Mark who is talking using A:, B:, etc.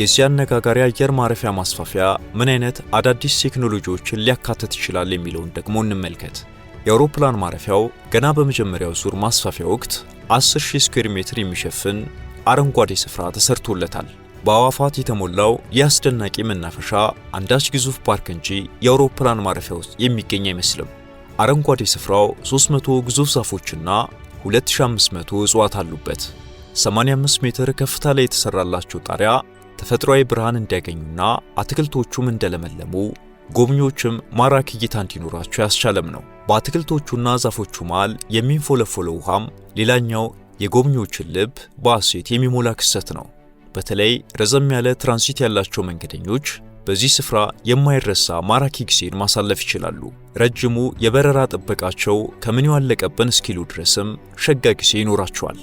A: የዚህ አነጋጋሪ አየር ማረፊያ ማስፋፊያ ምን አይነት አዳዲስ ቴክኖሎጂዎችን ሊያካትት ይችላል የሚለውን ደግሞ እንመልከት። የአውሮፕላን ማረፊያው ገና በመጀመሪያው ዙር ማስፋፊያ ወቅት 10,000 ስኩዌር ሜትር የሚሸፍን አረንጓዴ ስፍራ ተሰርቶለታል። በአዋፋት የተሞላው ይህ አስደናቂ መናፈሻ አንዳች ግዙፍ ፓርክ እንጂ የአውሮፕላን ማረፊያ ውስጥ የሚገኝ አይመስልም። አረንጓዴ ስፍራው 300 ግዙፍ ዛፎችና 2500 እጽዋት አሉበት። 85 ሜትር ከፍታ ላይ የተሰራላቸው ጣሪያ ተፈጥሯዊ ብርሃን እንዲያገኙና አትክልቶቹም እንደለመለሙ ጎብኚዎችም ማራኪ እይታ እንዲኖራቸው ያስቻለም ነው። በአትክልቶቹና ዛፎቹ መሃል የሚንፎለፎለው ውሃም ሌላኛው የጎብኚዎችን ልብ በሐሴት የሚሞላ ክስተት ነው። በተለይ ረዘም ያለ ትራንሲት ያላቸው መንገደኞች በዚህ ስፍራ የማይረሳ ማራኪ ጊዜን ማሳለፍ ይችላሉ። ረጅሙ የበረራ ጥበቃቸው ከምን ያለቀብን እስኪሉ ድረስም ሸጋ ጊዜ ይኖራቸዋል።